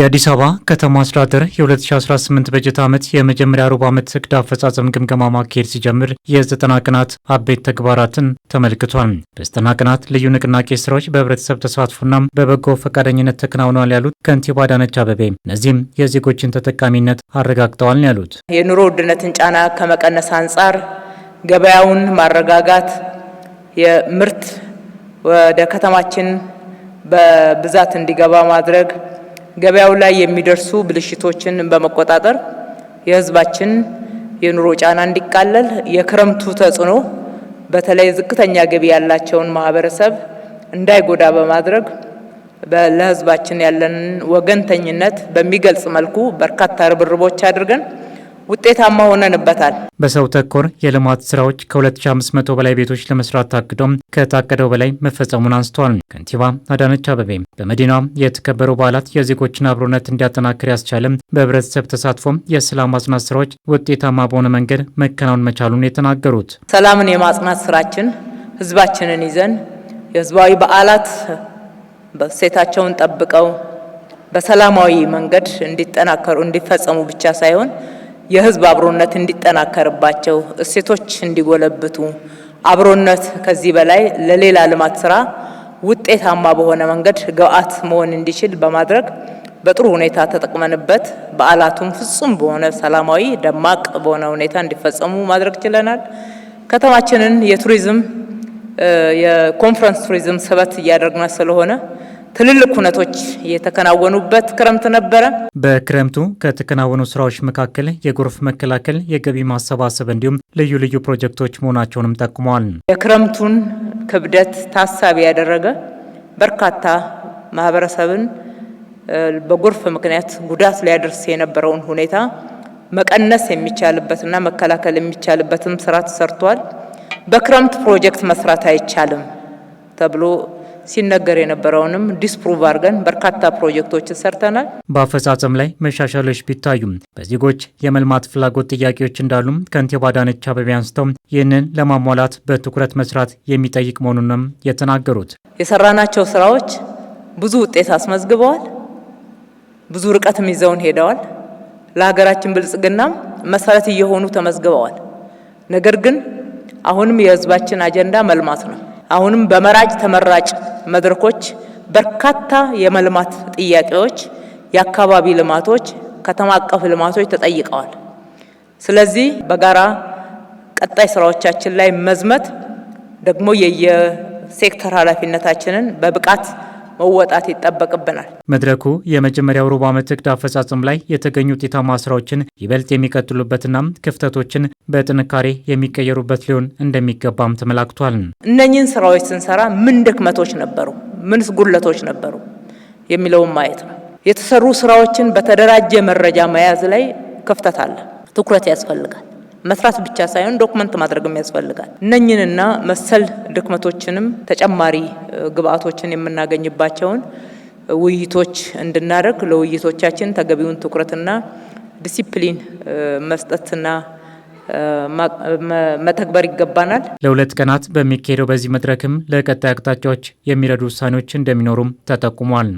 የአዲስ አበባ ከተማ አስተዳደር የ2018 በጀት ዓመት የመጀመሪያ ሩብ ዓመት እቅድ አፈጻጸም ግምገማ ማካሄድ ሲጀምር የዘጠና ቀናት አበይት ተግባራትን ተመልክቷል። በዘጠና ቀናት ልዩ ንቅናቄ ስራዎች በህብረተሰብ ተሳትፎና በበጎ ፈቃደኝነት ተከናውኗል ያሉት ከንቲባ አዳነች አበቤ እነዚህም የዜጎችን ተጠቃሚነት አረጋግጠዋል ያሉት የኑሮ ውድነትን ጫና ከመቀነስ አንጻር ገበያውን ማረጋጋት፣ የምርት ወደ ከተማችን በብዛት እንዲገባ ማድረግ ገበያው ላይ የሚደርሱ ብልሽቶችን በመቆጣጠር የህዝባችን የኑሮ ጫና እንዲቃለል፣ የክረምቱ ተጽዕኖ በተለይ ዝቅተኛ ገቢ ያላቸውን ማህበረሰብ እንዳይጎዳ በማድረግ ለህዝባችን ያለንን ወገንተኝነት በሚገልጽ መልኩ በርካታ ርብርቦች አድርገን ውጤታማ ሆነንበታል። በሰው ተኮር የልማት ስራዎች ከ2500 በላይ ቤቶች ለመስራት ታቅዶም ከታቀደው በላይ መፈጸሙን አንስተዋል። ከንቲባ አዳነች አበቤ በመዲና የተከበሩ በዓላት የዜጎችን አብሮነት እንዲያጠናክር ያስቻለም በህብረተሰብ ተሳትፎም የሰላም ማጽናት ስራዎች ውጤታማ በሆነ መንገድ መከናወን መቻሉን የተናገሩት ሰላምን የማጽናት ስራችን ህዝባችንን ይዘን የህዝባዊ በዓላት ሴታቸውን ጠብቀው በሰላማዊ መንገድ እንዲጠናከሩ እንዲፈጸሙ ብቻ ሳይሆን የህዝብ አብሮነት እንዲጠናከርባቸው፣ እሴቶች እንዲጎለብቱ፣ አብሮነት ከዚህ በላይ ለሌላ ልማት ስራ ውጤታማ በሆነ መንገድ ግብአት መሆን እንዲችል በማድረግ በጥሩ ሁኔታ ተጠቅመንበት በዓላቱም ፍጹም በሆነ ሰላማዊ፣ ደማቅ በሆነ ሁኔታ እንዲፈጸሙ ማድረግ ችለናል። ከተማችንን የቱሪዝም የኮንፈረንስ ቱሪዝም ስበት እያደረግን ስለሆነ ትልልቅ ሁነቶች የተከናወኑበት ክረምት ነበረ። በክረምቱ ከተከናወኑ ስራዎች መካከል የጎርፍ መከላከል፣ የገቢ ማሰባሰብ እንዲሁም ልዩ ልዩ ፕሮጀክቶች መሆናቸውንም ጠቁመዋል። የክረምቱን ክብደት ታሳቢ ያደረገ በርካታ ማህበረሰብን በጎርፍ ምክንያት ጉዳት ሊያደርስ የነበረውን ሁኔታ መቀነስ የሚቻልበትና መከላከል የሚቻልበትም ስራ ተሰርቷል። በክረምት ፕሮጀክት መስራት አይቻልም ተብሎ ሲነገር የነበረውንም ዲስፕሩቭ አድርገን በርካታ ፕሮጀክቶችን ሰርተናል። በአፈጻጸም ላይ መሻሻሎች ቢታዩም በዜጎች የመልማት ፍላጎት ጥያቄዎች እንዳሉም ከንቲባ አዳነች አቤቤ አንስተው ይህንን ለማሟላት በትኩረት መስራት የሚጠይቅ መሆኑንም የተናገሩት የሰራናቸው ስራዎች ብዙ ውጤት አስመዝግበዋል። ብዙ ርቀትም ይዘውን ሄደዋል። ለሀገራችን ብልጽግናም መሰረት እየሆኑ ተመዝግበዋል። ነገር ግን አሁንም የህዝባችን አጀንዳ መልማት ነው። አሁንም በመራጭ ተመራጭ መድረኮች በርካታ የመልማት ጥያቄዎች፣ የአካባቢ ልማቶች፣ ከተማ አቀፍ ልማቶች ተጠይቀዋል። ስለዚህ በጋራ ቀጣይ ስራዎቻችን ላይ መዝመት ደግሞ የየሴክተር ኃላፊነታችንን በብቃት መወጣት ይጠበቅብናል። መድረኩ የመጀመሪያው ሩብ ዓመት እቅድ አፈጻጸም ላይ የተገኙ ውጤታማ ስራዎችን ይበልጥ የሚቀጥሉበትና ክፍተቶችን በጥንካሬ የሚቀየሩበት ሊሆን እንደሚገባም ተመላክቷል። እነኚህን ስራዎች ስንሰራ ምን ድክመቶች ነበሩ፣ ምንስ ጉለቶች ነበሩ የሚለውን ማየት ነው። የተሰሩ ስራዎችን በተደራጀ መረጃ መያዝ ላይ ክፍተት አለ፣ ትኩረት ያስፈልጋል። መስራት ብቻ ሳይሆን ዶክመንት ማድረግም ያስፈልጋል። እነኝንና መሰል ድክመቶችንም ተጨማሪ ግብአቶችን የምናገኝባቸውን ውይይቶች እንድናደርግ ለውይይቶቻችን ተገቢውን ትኩረትና ዲሲፕሊን መስጠትና መተግበር ይገባናል። ለሁለት ቀናት በሚካሄደው በዚህ መድረክም ለቀጣይ አቅጣጫዎች የሚረዱ ውሳኔዎች እንደሚኖሩም ተጠቁሟል።